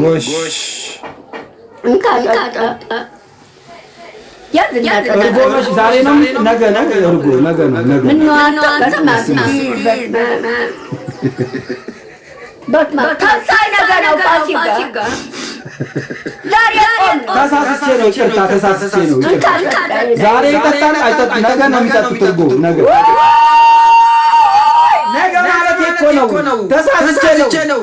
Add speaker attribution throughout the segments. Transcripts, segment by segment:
Speaker 1: ጎሽ እርጎ መች ዛሬ ነው? ነገ ነገ እርጎ ነገ ነው።
Speaker 2: ነገ ተሳይ ነው።
Speaker 1: ፋሲካ ተሳስቼ ነው፣ ይቅርታ ዛሬ ይጠጣል፣ ነገ ነው የሚጠጡት እርጎ ነገ ነገ ማለት እኮ ነው። ተሳስቼ ነው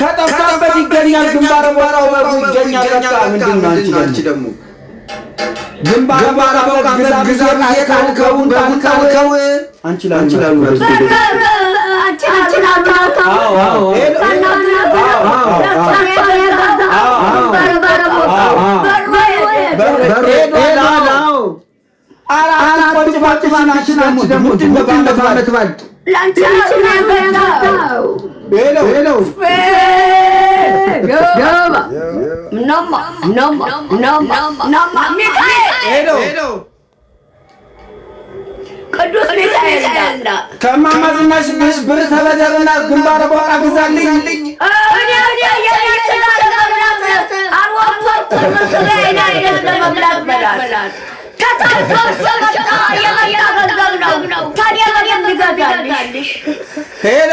Speaker 1: ከጠፋበት ይገኛል፣ ግንባር በወጣው መርዙ ይገኛል። በቃ ምንድን ነው አንቺ ደግሞ ግንባር በወጣው ግዛ ግዛ ካልከውን ካልከው አንቺ ላንቺ ላሉ
Speaker 2: ነው ቅዱስ ሚካኤል
Speaker 1: ከማማ ዝናሽ ብር ተበደርና ግንባር በወጣ ግዛልኝ። ሄሎ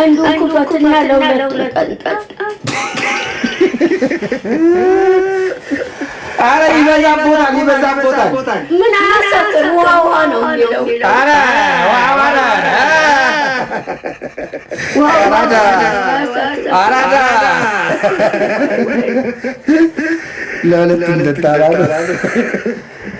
Speaker 2: አንዱ ክፈትና ለሁለቱ ቀንጠጥ።
Speaker 1: አረ ይበዛቦታል፣ ይበዛቦታል።
Speaker 2: ምን አያሳቅም። ውሃ ውሃ ነው የሚለው።
Speaker 1: አረ ውሃ ውሃ ነው። አራዳ ለሁለት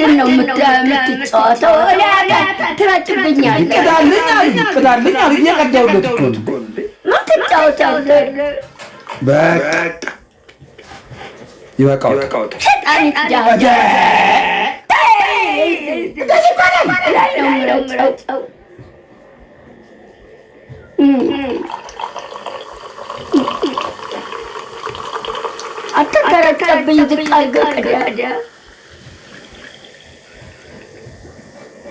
Speaker 2: ምንድን ነው የምትጫወተው? ትረጭብኛለህ።
Speaker 1: ቅዳልኝ አልኝ ቀዳውለት ምን
Speaker 2: ትጫወታለህ?
Speaker 1: በቃ ይበቃዋል።
Speaker 2: አትተረቀብኝ ዝቃ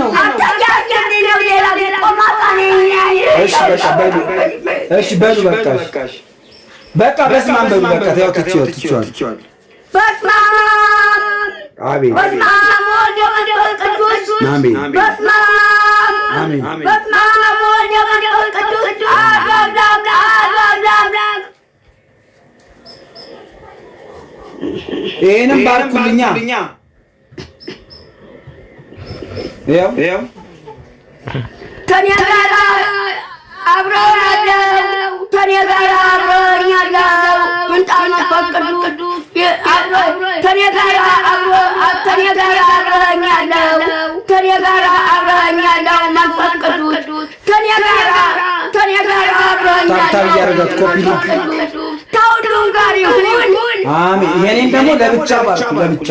Speaker 1: ነው። እሺ በሉ በቃሽ። በቃ በስመ አብ በሉ በቃ ያው ትቼዋል ትቼዋል። በስመ አብ
Speaker 2: በስመ አብ ወወልድ ወመንፈስ ቅዱስ አሜን። በስመ አብ በስመ አብ ወወልድ ወመንፈስ ቅዱስ
Speaker 1: ይሄንም ባርኩልኛ
Speaker 2: ከኔ ጋር አብረው ያለው ከኔ ጋር አብረው ያለው ምንጣፍ ቅዱስ ከኔ ጋር ከኔ ጋር አብረው ያለው ከኔ ጋር አብረው ያለው መንፈስ ቅዱስ ከኔ ጋር ከኔ ጋር አብረው ያለው ከሁሉም ጋር ይሁን።
Speaker 1: አሜን። ይሄንን ደግሞ ለብቻ ባልኩ ለብቻ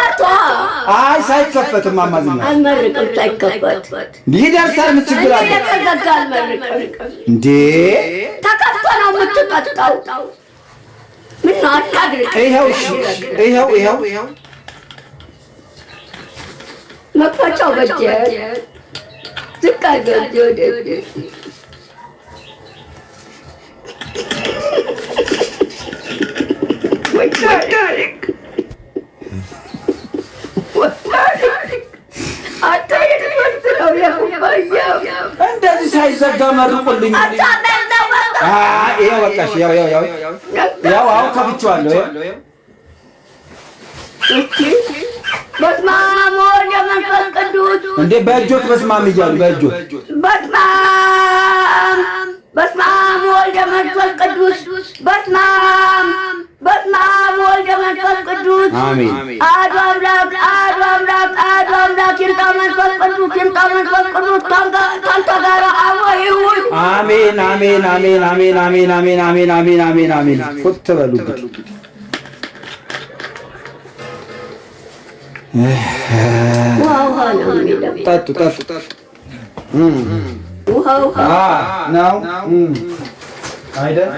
Speaker 2: አይ ሳይከፈት
Speaker 1: ማማዝና አልመርቅም። ሳይከፈት ይደርሳል። ምን ችግር አለ እንዴ?
Speaker 2: ተከፍቶ ነው የምትጠጣው። ምን ነው አታድርቅ።
Speaker 1: ይኸው ይኸው ይኸው
Speaker 2: መክፈቻው በጀ ወደ ወይ
Speaker 1: ሳይዘጋ መርቁልኝ። ይኸው በቃሽ። ያው ያው ያው ያው አሁን ከፍቼዋለሁ። አብ እንዴ! በእጆት በስመ እያሉ በእጆት በስመ
Speaker 2: አብ በስመ አብ ቅዱስ በስመ አብ በስመ አብ ቅዱስ አሜን።
Speaker 1: አሐዱ አምላክ
Speaker 2: አሐዱ አምላክ አሜን
Speaker 1: አሜን አሜን አሜን አሜን አሜን አሜን አሜን አሜን አሜን። ፎት በሉ ጠጡ ጠጡ ጠጡ ነው አይደል?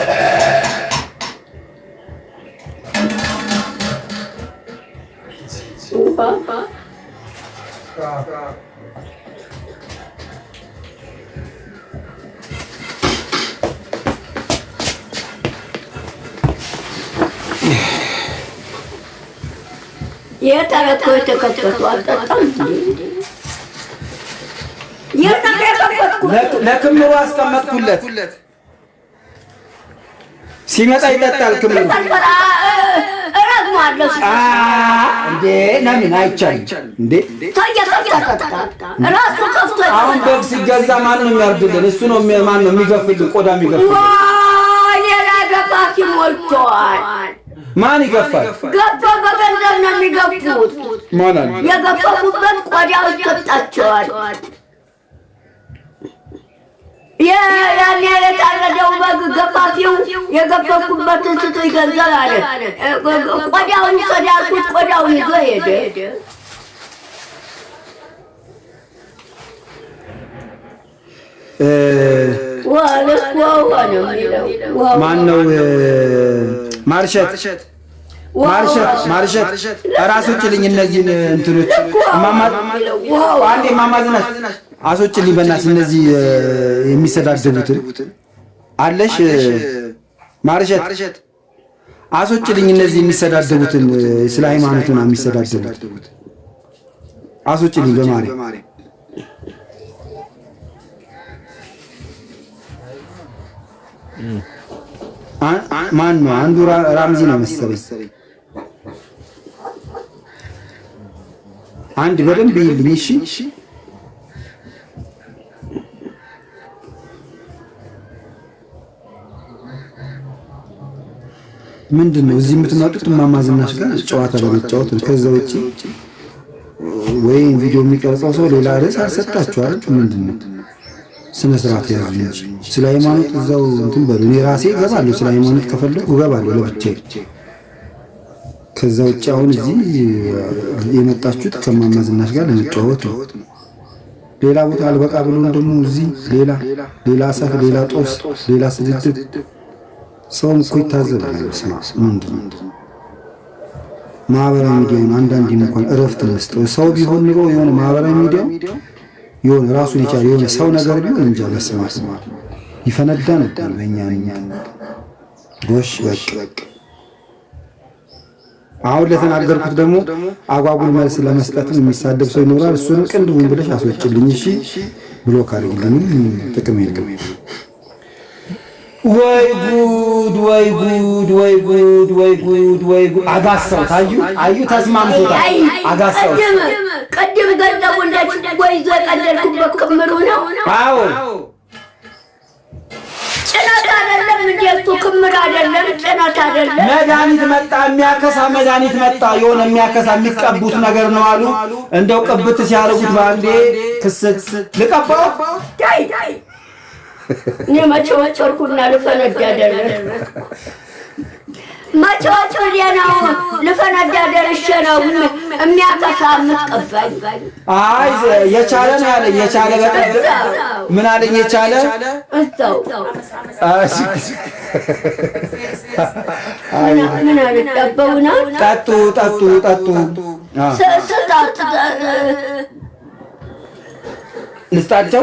Speaker 1: Yeah.
Speaker 2: የተረቶ የተከተቱ አልጠጣም። ለክምሩ
Speaker 1: አስቀመጥኩለት ሲመጣ ይጠጣል። ክምሩ
Speaker 2: እረግማለሁ አሁን በግ ሲገዛ
Speaker 1: ማን ነው የሚያርድልን? እሱ ነው ማን ነው የሚገፍልን? ቆዳ የሚገፍልን ማን ይገፋል?
Speaker 2: ገፋ በገንዘብ ነው የሚገፉት። ማን አለ የገፈፉበት ቆዳ ይቀጣቸዋል። ያን የታረደው በግ ገፋፊው የገፈኩበትን ስጡኝ ገንዘብ አለ። ቆዳውን ሰዳርኩት፣ ቆዳውን ይዞ ሄደ።
Speaker 1: ማን ነው ማርሸት? ማርሸት ማርሸት እነዚህን እንትኖች አንዴ ማማዝናት አሶች ሊበናስ እነዚህ የሚሰዳደቡትን አለሽ ማርሸት አሶች ልኝ እነዚህ የሚሰዳደቡትን ስለ ሃይማኖት ነው የሚሰዳደቡት። አሶች ልኝ በማሪ ማን ነው? አንዱ ራምዚ ነው መሰለኝ። አንድ በደንብ ይልኝ እሺ ምንድን ነው እዚህ የምትመጡት? እማማዝናሽ ጋር ጨዋታ ለመጫወት ነው። ከዛ ውጭ ወይም ቪዲዮ የሚቀርጸው ሰው ሌላ ርዕስ አልሰጣችኋል። ምንድን ነው ስነ ስርዓት ያዙ እንጂ ስለ ሃይማኖት እዛው እንትን በሉ። እኔ ራሴ እገባለሁ፣ ስለ ሃይማኖት ከፈለኩ እገባለሁ ለብቻዬ። ከዛ ውጭ አሁን እዚህ የመጣችሁት ከማማዝናሽ ጋር ለመጫወት ነው። ሌላ ቦታ አልበቃ ብሎን ደግሞ እዚህ ሌላ ሌላ ሰፍ ሌላ ጦስ ሌላ ስድድብ ሰውም እኮ ይታዘባል። ስማ ምንድን ማህበራዊ ሚዲያውን አንዳንድ እንኳን እረፍት መስጠው ሰው ቢሆን ኑሮ የሆነ ማህበራዊ ሚዲያ የሆነ ራሱን የቻለ የሆነ ሰው ነገር ቢሆን እንጃ በስማ ይፈነዳ ነበር። በእኛ ጎሽ በቅ አሁን ለተናገርኩት ደግሞ አጓጉል መልስ ለመስጠትም የሚሳደብ ሰው ይኖራል። እሱንም ቅንድቡን ብለሽ አስወጭልኝ እሺ፣ ብሎክ አድርግልኝ። ጥቅም የለም። ወይ ጉድ ወይ ጉድ ወይ ጉድ ወይ ጉድ ወይ ጉድ! አጋሰው ታዩ አዩ ተስማምቶታል። አጋሰው ቀደም ገንዘቡ ወንዳች ወይ ይዞ የቀደድኩበት ክምሩ ነው። አዎ
Speaker 2: ጭነት አይደለም እንዴ? ክምር አይደለም፣ ጭነት አይደለም። መድኃኒት
Speaker 1: መጣ፣ የሚያከሳ መድኃኒት መጣ። የሆነ የሚያከሳ የሚቀቡት ነገር ነው አሉ። እንደው ቅብት ሲያደርጉት በአንዴ ክስት ልቀባው
Speaker 2: እኔ መቸወቸርኩና ልፈነዳ ደረስ መቸወቸር ነው ልፈነዳ ነው የሚያቀሳ የምትቀባኝ።
Speaker 1: አይ የቻለ ነው ያለኝ። የቻለ ምን አለኝ? የቻለ እዛው
Speaker 2: ጠጡ
Speaker 1: ጠጡ ጠጡ ልስጣቸው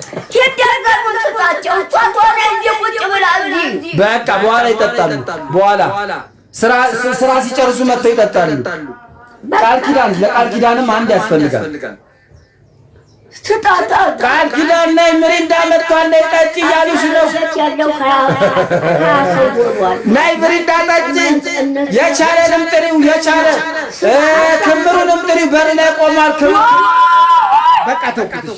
Speaker 1: አላቸው። እሷ በቃ በኋላ ይጠጣሉ። በኋላ ስራ ሲጨርሱ መጥተው ይጠጣሉ። ቃል ኪዳን ለቃል ኪዳንም አንድ ያስፈልጋል። ቃል ኪዳን ነይ ምሪንዳ መጥቷል ነይ ጠጪ እያሉሽ ነይ ምሪንዳ ጠጪ፣ የቻለንም ጥሪው የቻለ ክምሩንም ጥሪው በር ላይ ቆሟል። በቃ ተውኩት።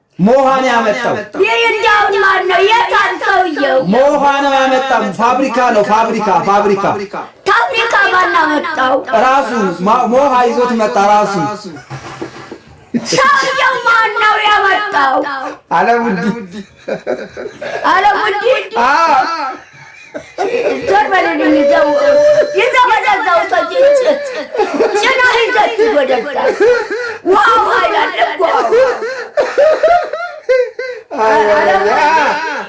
Speaker 1: ሞሃን ያመጣው የሪንዳውን ማን ነው? የታን ሰውየው ሞሃን ነው ያመጣው። ፋብሪካ ነው ፋብሪካ ፋብሪካ ፋብሪካ ማን አመጣው? ራሱ ሞሃ ይዞት መጣ። ራሱ ሰውየው ማን ነው ያመጣው? አለሙዲ አለሙዲ አ ዘርበለኝ ይዘው ይዘው ወደዛው ሰጭ ጭና ይዘት ወደዛ ዋው ሀይላንድ እኮ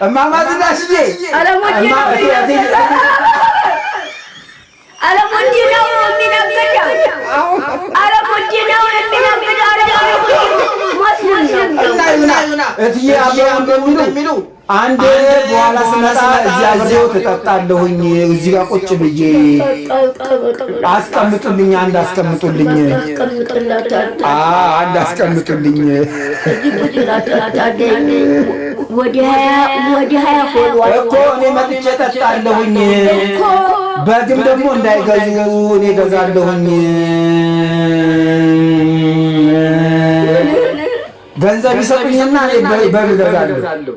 Speaker 1: እማማ ዝናሽዬ አለሞንዲ ነው የሚነግደው።
Speaker 2: አለሞንዲ ነው
Speaker 1: የሚነግደው። እትዬ አብረው እንደሚሉ አንድ በኋላ ስመጣ እዚያ አብሬው ትጠጣለሁኝ። እዚህ ጋር ቁጭ ብዬ አስቀምጡልኝ፣ አንድ አስቀምጡልኝ፣ አንድ አስቀምጡልኝ። እኮ እኔ መጥቼ ጠጣለሁኝ። በግም ደግሞ እንዳይገዙ እኔ ገዛለሁኝ። ገንዘብ ይሰጡኝና እኔ በግ ገዛለሁ።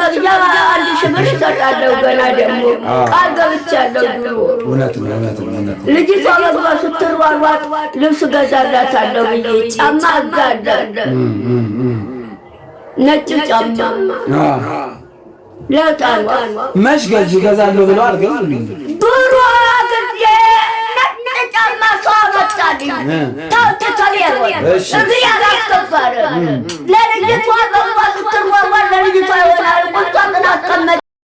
Speaker 2: ለመግዣ አንድ ሺህ ብር እሰጣለሁ። ገና ደግሞ ቃል ገብቻለሁ። ድሮ እውነት መግባ ስትሯሯጥ ልብስ ገዛላታለሁ ብዬ ጫማ እጋላለሁ፣ ነጭ ጫማ ለጣሏ
Speaker 1: መች ገዢ እገዛለሁ ብለዋል ግን ጫማ ሰው አመጣልኝ። ታውትቷል ያሆን እግር ለልጅቷ በእንኳ ስትሯሯ ለልጅቷ ይሆናል ቁቷ ግን አስቀመጥ